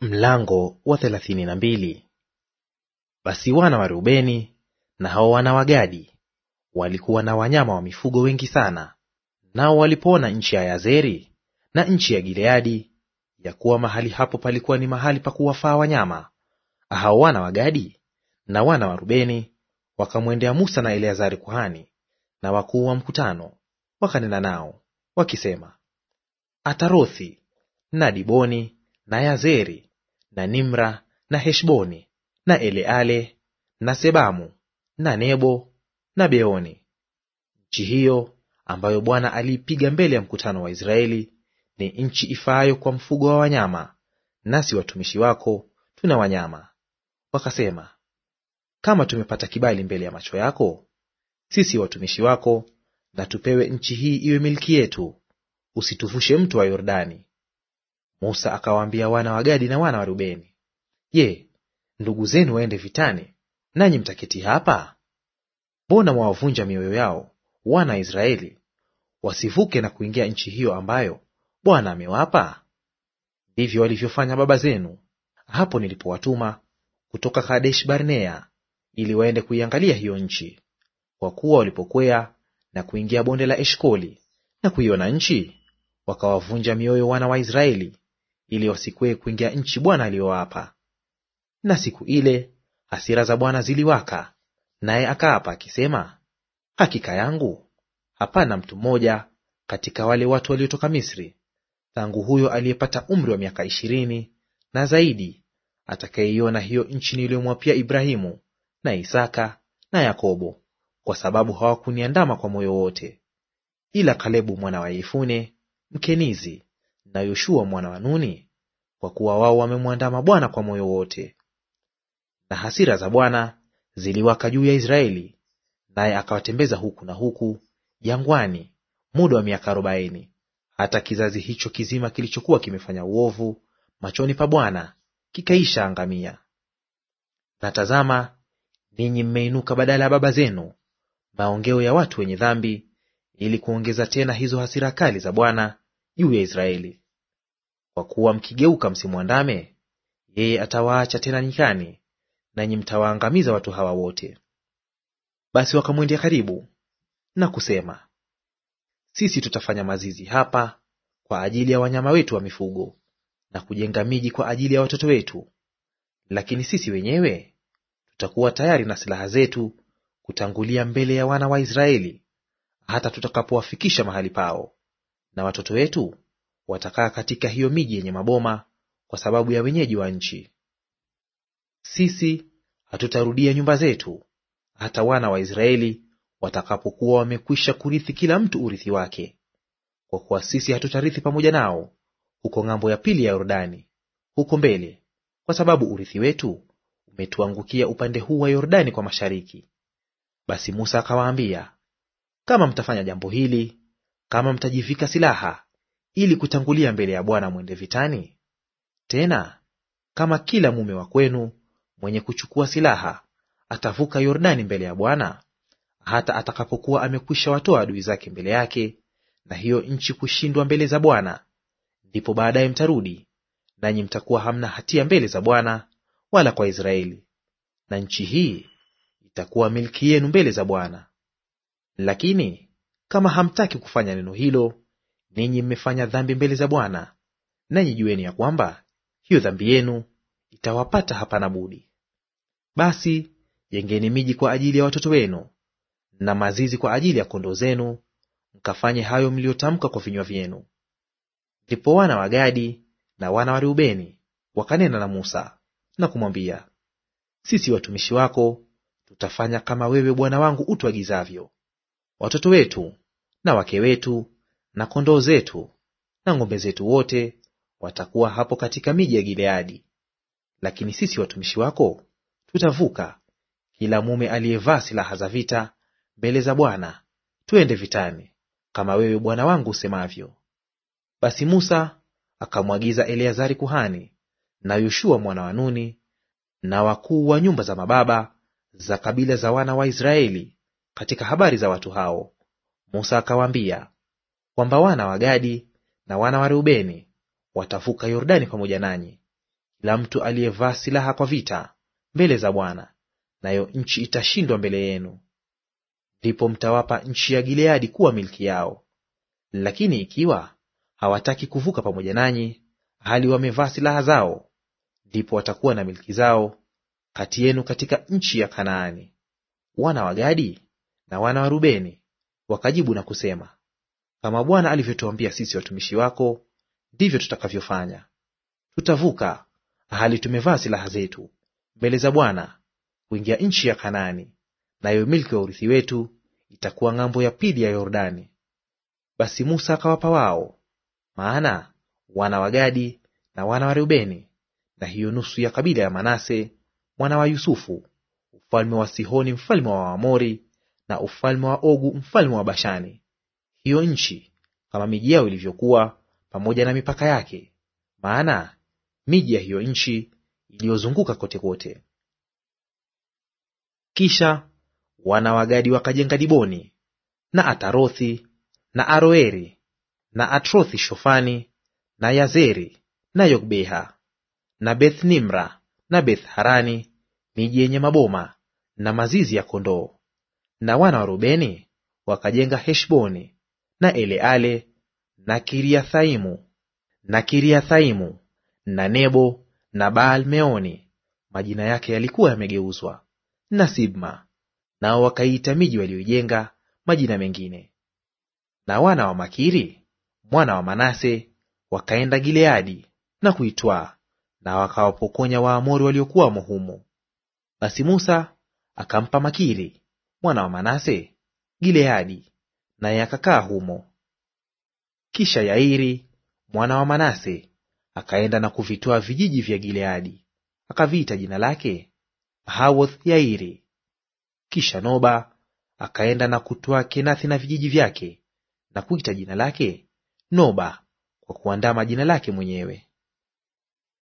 Mlango wa thelathini na mbili. Basi wana wa Rubeni na hao wana wa Gadi walikuwa na wanyama wa mifugo wengi sana. Nao walipoona nchi ya Yazeri na nchi ya Gileadi ya kuwa mahali hapo palikuwa ni mahali pa kuwafaa wanyama, hao wana wa Gadi na wana wa Rubeni wakamwendea Musa na Eleazari kuhani na wakuu wa mkutano, wakanena nao wakisema, Atarothi na Diboni na Yazeri na Nimra na Heshboni na Eleale na Sebamu na Nebo na Beoni. Nchi hiyo ambayo Bwana aliipiga mbele ya mkutano wa Israeli ni nchi ifaayo kwa mfugo wa wanyama, nasi watumishi wako tuna wanyama. Wakasema, kama tumepata kibali mbele ya macho yako, sisi watumishi wako, na tupewe nchi hii iwe milki yetu, usituvushe mto wa Yordani. Musa akawaambia wana wa Gadi na wana wa Rubeni, Je, ndugu zenu waende vitani, nanyi mtaketi hapa? Mbona mwawavunja mioyo yao wana wa Israeli wasivuke na kuingia nchi hiyo ambayo Bwana amewapa? Ndivyo walivyofanya baba zenu hapo nilipowatuma kutoka Kadesh Barnea ili waende kuiangalia hiyo nchi. Kwa kuwa walipokwea na kuingia bonde la Eshkoli na kuiona nchi, wakawavunja mioyo wana wa Israeli ili wasikwee kuingia nchi Bwana aliyowapa. Na siku ile hasira za Bwana ziliwaka, naye akaapa akisema, hakika yangu hapana mtu mmoja katika wale watu waliotoka Misri tangu huyo aliyepata umri wa miaka ishirini na zaidi atakayeiona hiyo nchi niliyomwapia Ibrahimu na Isaka na Yakobo, kwa sababu hawakuniandama kwa moyo wote, ila Kalebu mwana wa Yefune Mkenizi na Yoshua mwana wa Nuni, kwa kuwa wao wamemwandama Bwana kwa moyo wote. Na hasira za Bwana ziliwaka juu ya Israeli, naye akawatembeza huku na huku jangwani muda wa miaka arobaini, hata kizazi hicho kizima kilichokuwa kimefanya uovu machoni pa Bwana kikaisha angamia. Na tazama, ninyi mmeinuka badala ya baba zenu, maongeo ya watu wenye dhambi, ili kuongeza tena hizo hasira kali za Bwana juu ya Israeli. Kwa kuwa mkigeuka msimwandame, yeye atawaacha tena nyikani, nanyi mtawaangamiza watu hawa wote. Basi wakamwendea karibu na kusema, sisi tutafanya mazizi hapa kwa ajili ya wanyama wetu wa mifugo na kujenga miji kwa ajili ya watoto wetu, lakini sisi wenyewe tutakuwa tayari na silaha zetu kutangulia mbele ya wana wa Israeli hata tutakapowafikisha mahali pao na watoto wetu watakaa katika hiyo miji yenye maboma kwa sababu ya wenyeji wa nchi. Sisi hatutarudia nyumba zetu hata wana wa Israeli watakapokuwa wamekwisha kurithi kila mtu urithi wake, kwa kuwa sisi hatutarithi pamoja nao huko ng'ambo ya pili ya Yordani huko mbele, kwa sababu urithi wetu umetuangukia upande huu wa Yordani kwa mashariki. Basi Musa akawaambia, kama mtafanya jambo hili kama mtajivika silaha ili kutangulia mbele ya Bwana mwende vitani, tena kama kila mume wa kwenu mwenye kuchukua silaha atavuka Yordani mbele ya Bwana hata atakapokuwa amekwisha watoa adui zake mbele yake, na hiyo nchi kushindwa mbele za Bwana, ndipo baadaye mtarudi, nanyi mtakuwa hamna hatia mbele za Bwana wala kwa Israeli, na nchi hii itakuwa milki yenu mbele za Bwana. Lakini kama hamtaki kufanya neno hilo, ninyi mmefanya dhambi mbele za Bwana, nanyi jueni ya kwamba hiyo dhambi yenu itawapata, hapana budi. Basi jengeni miji kwa ajili ya watoto wenu na mazizi kwa ajili ya kondoo zenu, mkafanye hayo mliyotamka kwa vinywa vyenu. Ndipo wana wa Gadi na wana wa Reubeni wakanena na Musa na kumwambia, sisi watumishi wako tutafanya kama wewe bwana wangu utuagizavyo watoto wetu na wake wetu na kondoo zetu na ng'ombe zetu wote watakuwa hapo katika miji ya Gileadi. Lakini sisi watumishi wako tutavuka, kila mume aliyevaa silaha za vita mbele za Bwana, tuende vitani, kama wewe bwana wangu usemavyo. Basi Musa akamwagiza Eleazari kuhani na Yoshua mwana wa Nuni na wakuu wa nyumba za mababa za kabila za wana wa Israeli katika habari za watu hao, Musa akawaambia kwamba wana wa Gadi na wana wa Reubeni watavuka Yordani pamoja nanyi, kila mtu aliyevaa silaha kwa vita mbele za Bwana, nayo nchi itashindwa mbele yenu. Ndipo mtawapa nchi ya Gileadi kuwa milki yao. Lakini ikiwa hawataki kuvuka pamoja nanyi, hali wamevaa silaha zao, ndipo watakuwa na milki zao kati yenu katika nchi ya Kanaani. Wana wa Gadi na wana wa Rubeni wakajibu na kusema, kama Bwana alivyotuambia sisi watumishi wako, ndivyo tutakavyofanya. Tutavuka hali tumevaa silaha zetu mbele za Bwana kuingia nchi ya Kanaani, nayo milki ya urithi wetu itakuwa ng'ambo ya pili ya Yordani. Basi Musa akawapa wao, maana wana wa Gadi na wana wa rubeni na hiyo nusu ya kabila ya Manase mwana wa Yusufu, ufalme wa Sihoni mfalme wa Waamori na ufalme wa Ogu mfalme wa Bashani, hiyo nchi kama miji yao ilivyokuwa, pamoja na mipaka yake, maana miji ya hiyo nchi iliyozunguka kote kote. Kisha wana wa Gadi wakajenga Diboni na Atarothi na Aroeri na Atrothi Shofani na Yazeri na Yokbeha na Beth Nimra na Beth Harani, miji yenye maboma na mazizi ya kondoo. Na wana wa Rubeni wakajenga Heshboni na Eleale na Kiriathaimu na Kiriathaimu na Nebo na Baal Meoni, majina yake yalikuwa yamegeuzwa, na Sibma; nao wakaiita miji waliyoijenga majina mengine. Na wana wa Makiri mwana wa Manase wakaenda Gileadi na kuitwaa, na wakawapokonya Waamori waliokuwamo humo. Basi Musa akampa Makiri mwana wa Manase, Gileadi, naye akakaa humo. Kisha Yairi mwana wa Manase akaenda na kuvitoa vijiji vya Gileadi, akaviita jina lake Hawoth Yairi. Kisha Noba akaenda na kutoa Kenathi na vijiji vyake, na kuita jina lake Noba, kwa kuandama jina lake mwenyewe.